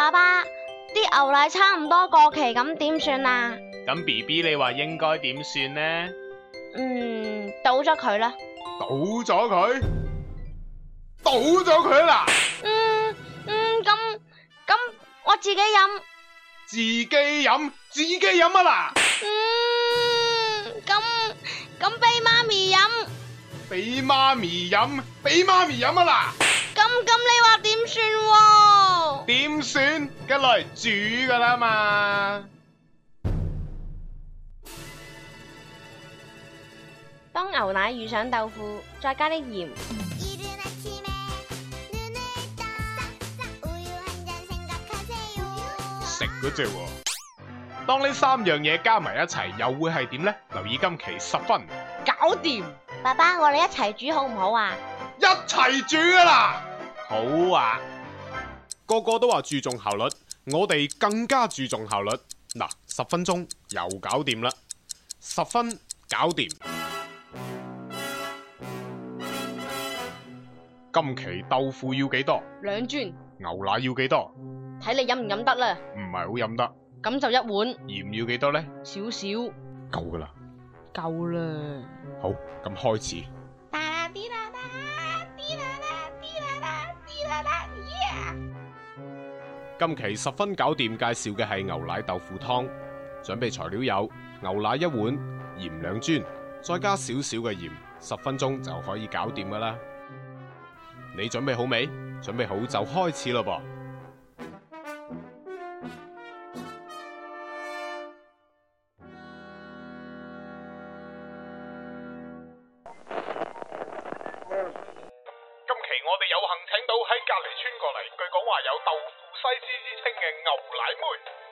爸爸，啲牛奶差唔多過期，咁點算啊？咁 BB 你話應該點算呢？嗯，倒咗佢啦。倒咗佢，倒咗佢啦。嗯嗯，咁咁我自己飲。自己飲，自己飲啊啦。嗯，咁咁俾媽咪飲。俾媽咪飲，俾媽咪飲啊啦。咁咁你話點算？點算？跟嚟煮噶啦嘛！當牛奶遇上豆腐，再加啲鹽，食嗰隻喎。當呢三樣嘢加埋一齊，又會係點呢？留意今期十分，搞掂。爸爸，我哋一齊煮好唔好啊？一齊煮啊啦！好啊！個個都話注重效率，我哋更加注重效率。嗱、啊，十分鐘又搞掂啦，十分搞掂。今期豆腐要幾多？兩磚。牛奶要幾多？睇你飲唔飲得啦。唔係好飲得。咁就一碗。鹽要幾多呢？少少，夠啦。夠噶啦。夠啦。好，咁開始。今期十分搞掂，介紹嘅係牛奶豆腐湯。準備材料有牛奶一碗、鹽兩磚，再加少少嘅鹽，十分鐘就可以搞掂㗎喇。你準備好未？準備好就開始喇噃。今期我哋有幸請到喺隔籬村過嚟，據講話有豆腐。西施之稱嘅牛奶妹，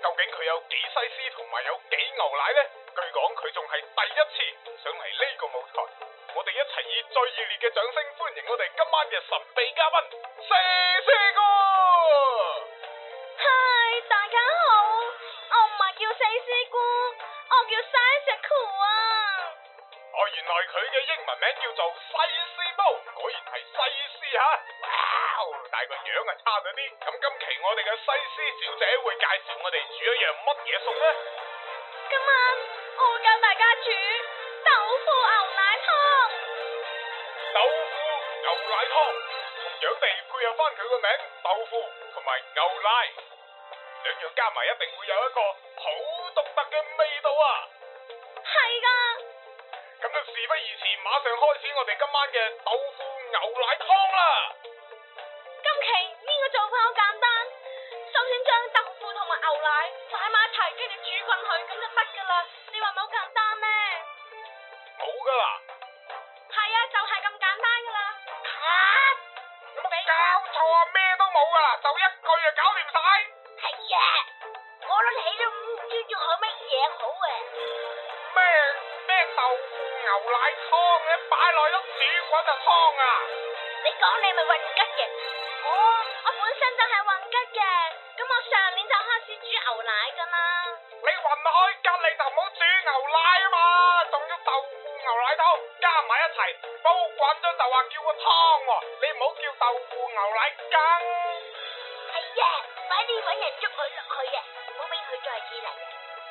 究竟佢有幾西施同埋有幾牛奶呢？據講佢仲係第一次上嚟呢個舞台，我哋一齊以最熱烈嘅掌聲歡迎我哋今晚嘅神秘嘉賓，西施姑。嗨，大家好，我唔係叫西施姑，我叫西施 cool 啊。哦，原來佢嘅英文名叫做西施煲，果然係西施吓。啊個樣啊差咗啲，咁今期我哋嘅西施小姐會介紹我哋煮一樣乜嘢餸呢？今晚我教大家煮豆腐牛奶湯。豆腐牛奶湯，同樣地配合翻佢個名，豆腐同埋牛奶，兩樣加埋一定會有一個好獨特嘅味道啊！係噶的，咁就事不宜遲，馬上開始我哋今晚嘅豆腐牛奶湯啦！期呢個做法好簡單，首先將豆腐同埋牛奶擺埋一齊，跟住煮滾佢，咁就得噶啦。你話唔係好簡單咩？冇噶啦。係啊，就係咁簡單噶啦。有冇搞錯啊？咩都冇噶啦，就一句啊搞掂晒。係呀，我諗起都唔知仲有乜嘢好誒。咩咩豆腐牛奶湯咧，擺落咗煮滾就湯啊。你講你咪運吉嘅。我、哦、我本身就係混吉嘅，咁我上年就開始煮牛奶噶啦。你混開吉你就唔好煮牛奶啊嘛，仲要豆腐牛奶湯加埋一齊煲滾咗就話叫個湯喎、啊，你唔好叫豆腐牛奶羹。係、hey yeah, 哎、啊，快啲搵人捉佢落去啊，唔好俾佢再次嚟。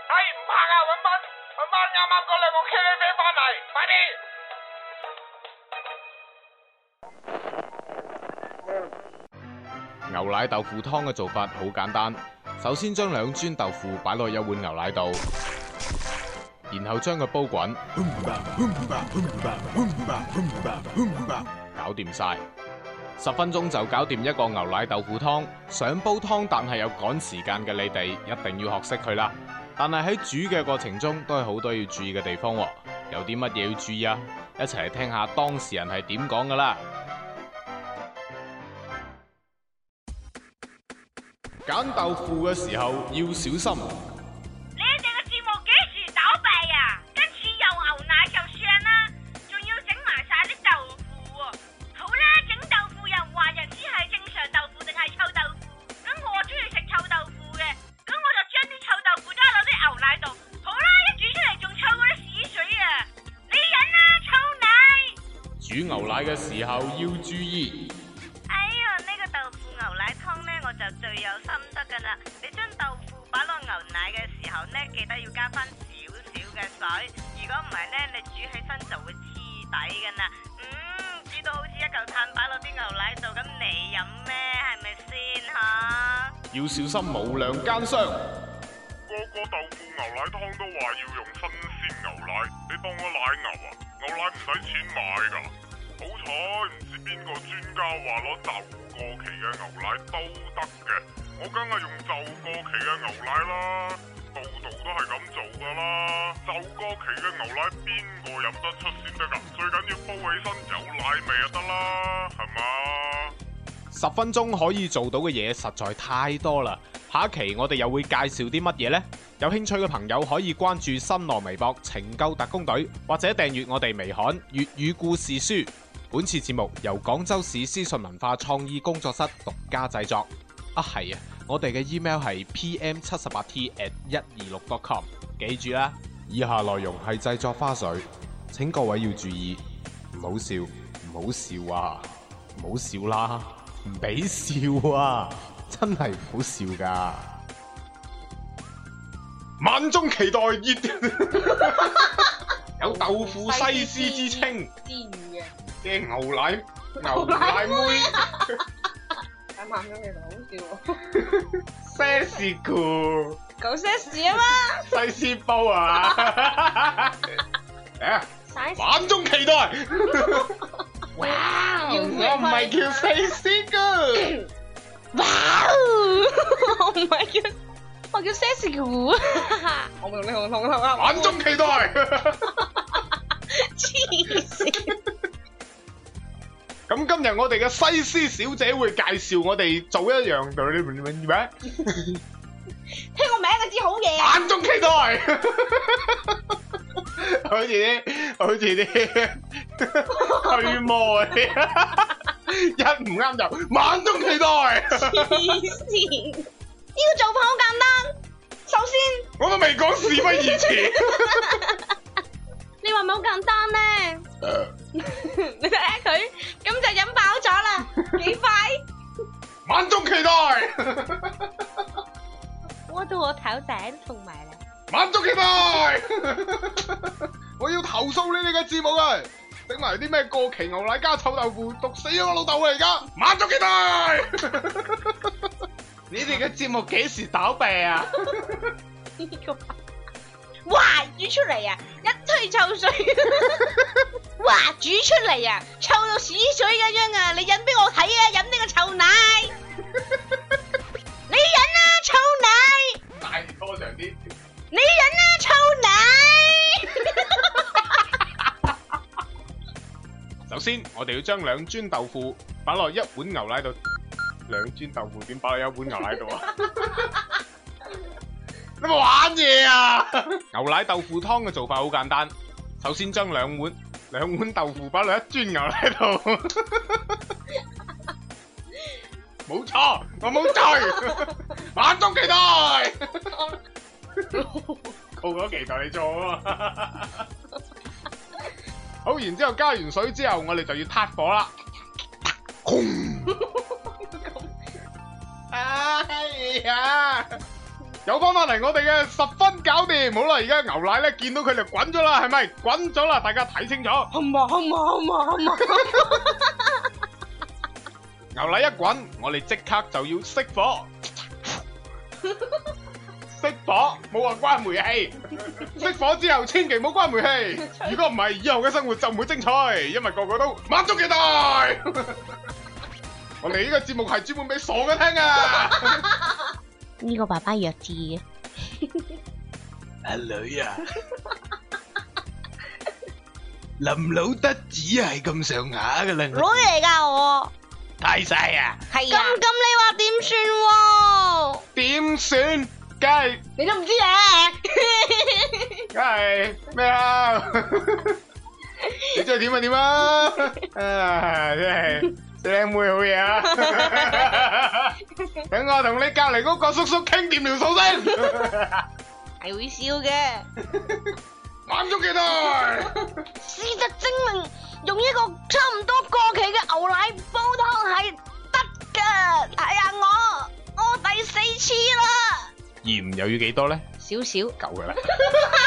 係唔怕啊，搵媽，搵媽啱啱過嚟我 K V 牛奶豆腐湯嘅做法好簡單，首先將兩樽豆腐擺落一碗牛奶度，然後將佢煲滾，搞掂晒，十分鐘就搞掂一個牛奶豆腐湯。想煲湯但係有趕時間嘅你哋，一定要學識佢啦。但係喺煮嘅過程中，都係好多要注意嘅地方，有啲乜嘢要注意啊？一齊嚟聽下當事人係點講噶啦。揀豆腐嘅時候要小心。你哋嘅節目幾時倒閉啊？今次有牛奶就算啦，仲要整埋晒啲豆腐。好啦，整豆腐又唔話人知係正常豆腐定係臭豆腐。咁我中意食臭豆腐嘅，咁我就將啲臭豆腐加落啲牛奶度。好啦，一煮出嚟仲臭過啲屎水啊！你忍啦，臭奶。煮牛奶嘅時候要注意。奶嘅時候呢，記得要加翻少少嘅水，如果唔係呢，你煮起身就會黐底㗎啦。嗯，煮到好似一嚿炭擺落啲牛奶度咁，你飲咩？係咪先吓？要小心無良奸商，個個豆腐牛奶湯都話要用新鮮牛奶，你當我奶牛啊？牛奶唔使錢買噶，好彩唔知邊個專家話攞豆腐過期嘅牛奶都得嘅。我梗係用就過期嘅牛奶啦，報道，道都係咁做噶啦。就過期嘅牛奶邊個飲得出先得噶？最緊要煲起身有奶味就得啦，係嘛？十分鐘可以做到嘅嘢實在太多啦。下一期我哋又會介紹啲乜嘢呢？有興趣嘅朋友可以關注新浪微博“拯救特工隊”，或者訂閱我哋微刊《粵語故事書》。本次節目由廣州市思信文化創意工作室獨家製作。啊係啊，的我哋嘅 email 係 pm 七十八 t at 一二六 dot com，記住啦。以下內容係製作花絮，請各位要注意，唔好笑，唔好笑啊，唔好笑啦，唔俾笑啊，真係好笑噶。萬眾期待，熱， 有豆腐西施之稱。之魚嘅。牛奶，牛奶妹。 慢咗嚟，我叫 Sassy Cool，搞 Sassy 啊嘛，細絲煲啊，誒，萬眾期待，哇，我唔係叫 Sassy Cool，哇，我唔係叫，我叫 Sassy Cool，我唔同你同同啊，萬眾期待。咁今日我哋嘅西施小姐會介紹我哋做一樣，你明唔明咩？聽個名就知好嘢。萬眾期待，好似啲，好似啲，曖昧，一唔啱就萬眾期待。黐線，呢個做法好簡單。首先，我都未講事不宜遲。你話唔係好簡單咩？你睇下佢。萬眾期待，萬眾期待。我到我頭頂同埋咧。萬眾期待， 我要投訴你哋嘅節目啊！整埋啲咩過期牛奶加臭豆腐，毒死我老豆啊！而家，萬眾期待。你哋嘅節目幾時倒閉啊？呢 個 哇，要出嚟啊！臭水、啊，哇！煮出嚟啊，臭到屎水咁樣啊！你飲俾我睇啊，飲呢個臭奶，你飲啦、啊、臭奶，大啲拖長啲，你飲啦、啊、臭奶。首先，我哋要將兩樽豆腐擺落一碗牛奶度，兩樽豆腐點擺落一碗牛奶度啊？ 玩嘢啊！牛奶豆腐湯嘅做法好簡單，首先將兩碗兩碗豆腐擺落一樽牛奶度，冇錯，我冇醉，眼中期待，好我期待你做啊！好，然之後加完水之後，我哋就要撻火啦，轟！哎呀！又翻翻嚟我哋嘅十分搞掂，好啦！而家牛奶咧見到佢就滾咗啦，係咪？滾咗啦，大家睇清楚。好嘛好嘛好嘛好嘛！ 牛奶一滾，我哋即刻就要熄火。熄 火，冇話關煤氣。熄 火之後千，千祈冇關煤氣。如果唔係，以後嘅生活就唔會精彩，因為個個都滿足期待 我哋呢個節目係專門俾傻嘅聽啊！ 呢個爸爸弱智，阿女啊，林老得只係咁上下噶啦，女嚟噶我，大細啊，係啊，咁咁你話點算？點算？梗係你都唔知啊，梗係咩啊？即係點啊點啊，啊真係靚 妹，妹好嘢啊！等 我同你隔籬嗰個叔叔傾掂條數先，係會笑嘅。玩 足幾多？事實證明，用一個差唔多過期嘅牛奶煲湯係得噶。哎呀，我，我第四次啦。鹽又要幾多咧？少少小，夠噶啦。